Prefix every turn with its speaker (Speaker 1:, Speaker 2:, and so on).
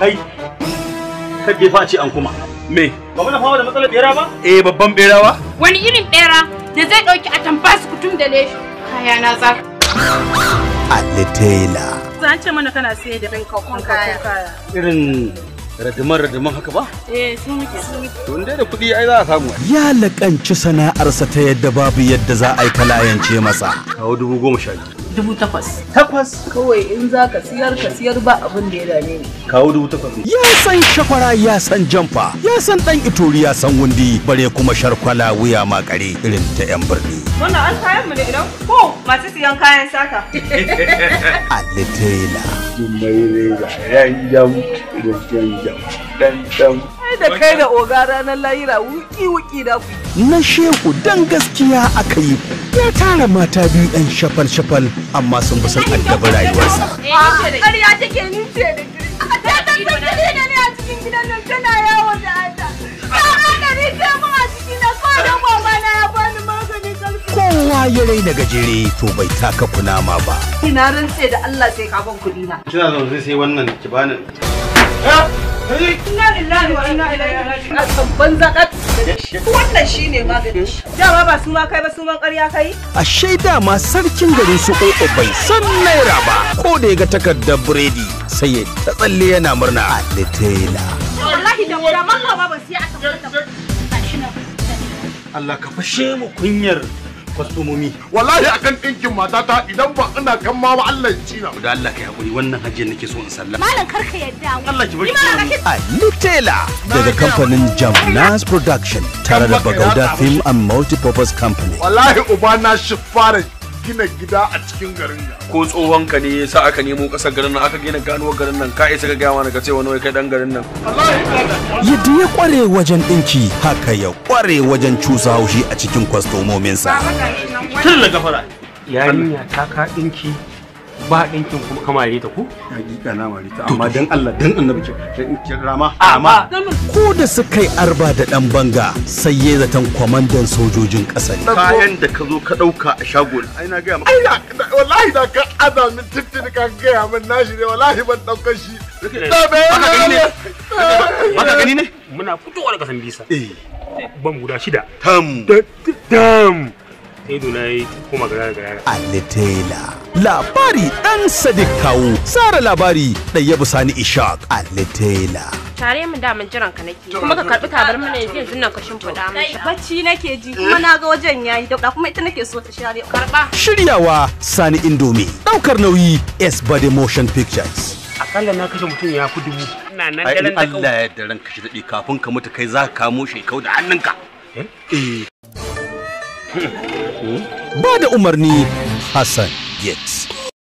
Speaker 1: kai kake fa ce an kuma me ba mu fama da matsalar bera ba eh babban bera ba wani irin bera da zai dauki a tambas kutum da leshi kaya na za a tela zan ce mana kana sai da kun kaya irin radiman radiman haka ba? Eh sun muke sun muke. Don dai da kudi ai za a samu. Ya laƙanci sana'arsa ta yadda babu yadda za a yi kalayance masa. Kawo dubu goma sha biyu. dubu takwas. Takwas? Kawai in za ka siyar ka siyar ba abin da ya dame ni. Kawo dubu takwas ne. Ya san shakwara ya san jamfa ya san ɗan ituri ya san wundi bare kuma sharkwala wuya makare irin ta 'yan birni. Wannan an kayan mu ne idan ko masu siyan kayan sata. A litela. Jummai reza yan jam da jan jam. Dan dan. Da kai da oga ranar layira wuki wuki da ku. na shehu dan gaskiya aka yi ya tara mata biyu yan shafal-shafal amma sun bi san addabi rayuwarsa. Eh, Ƙarya take ni ce da girki. Ta ne a cikin gidan nan tana yawo da ata. Ta haka ni ce mun a cikin na kwana mama na ya bani maganin ƙarfi. Kowa ya raina gajere to bai taka kunama ba. Ina rantse da Allah sai ka kuɗi na. Kina zaune sai wannan ki bani. Ina lillahi wa katon banza kat wannan shine magani dama ba su ma kai ba su man ƙarya kai a shaida ma sarkin garin su ƙoƙo bai san naira ba ko da ya ga takardar biredi sai ya tsalle yana murna a litela wallahi da wura man ba ba sai a tabbata Allah ka fashe mu kunyar kwastomomi wallahi akan ɗinkin matata idan ba ina kan ma Allah ya ci na da Allah kai hakuri wannan hajji nake so in sallama malam karka yadda Allah ki bari Ali Taylor daga kamfanin Jamnas Production tare da Bagauda Film and Multipurpose Company wallahi uba na shi gina gida a cikin garin ga ko tsohon ka ne sa aka nemo kasar garin nan aka gina ganuwar garin nan ka isa ka gaya mana ka ce wani wai kai dan garin nan yadda ya kware wajen dinki haka ya kware wajen cusa haushi a cikin kwastomominsa sa. da gafara yayin ya taka dinki ba ɗinkin kuma kamare ta ku? Hakika na mare ta amma dan Allah dan annabi rama amma. Ko da su kai arba da ɗan banga sai ya zaton kwamandan sojojin ƙasar. Kayan da ka zo ka ɗauka a shago na ai na gaya maka. Ai wallahi da ka azamin min tuntuni ka gaya min nashi ne wallahi ban ɗaukar shi. Baka gani ne? Muna fitowa daga san bisa. Eh. Ban guda shida. Tam. Tam. Sai dona kuma koma gara gara. Alitaila. labari ɗan Sadiq Kawo, tsara labari ɗaya Sani Ishaq Alitela. Tare mu da mun jiran ka nake kuma ka karbi bar mana yanzu yanzu nan ka shimfiɗa Bacci nake ji kuma na ga wajen yayi da kuma ita nake so ta share karba. Shiryawa Sani Indomi ɗaukar nauyi S Body Motion Pictures. akalla na kashe mutum ya fi dubu. Ina nan Allah ya yarda ranka shi dadi kafin ka mutu kai za ka kamo shi kau da hannunka. Eh. Hmm. Ba da umarni Hassan gets.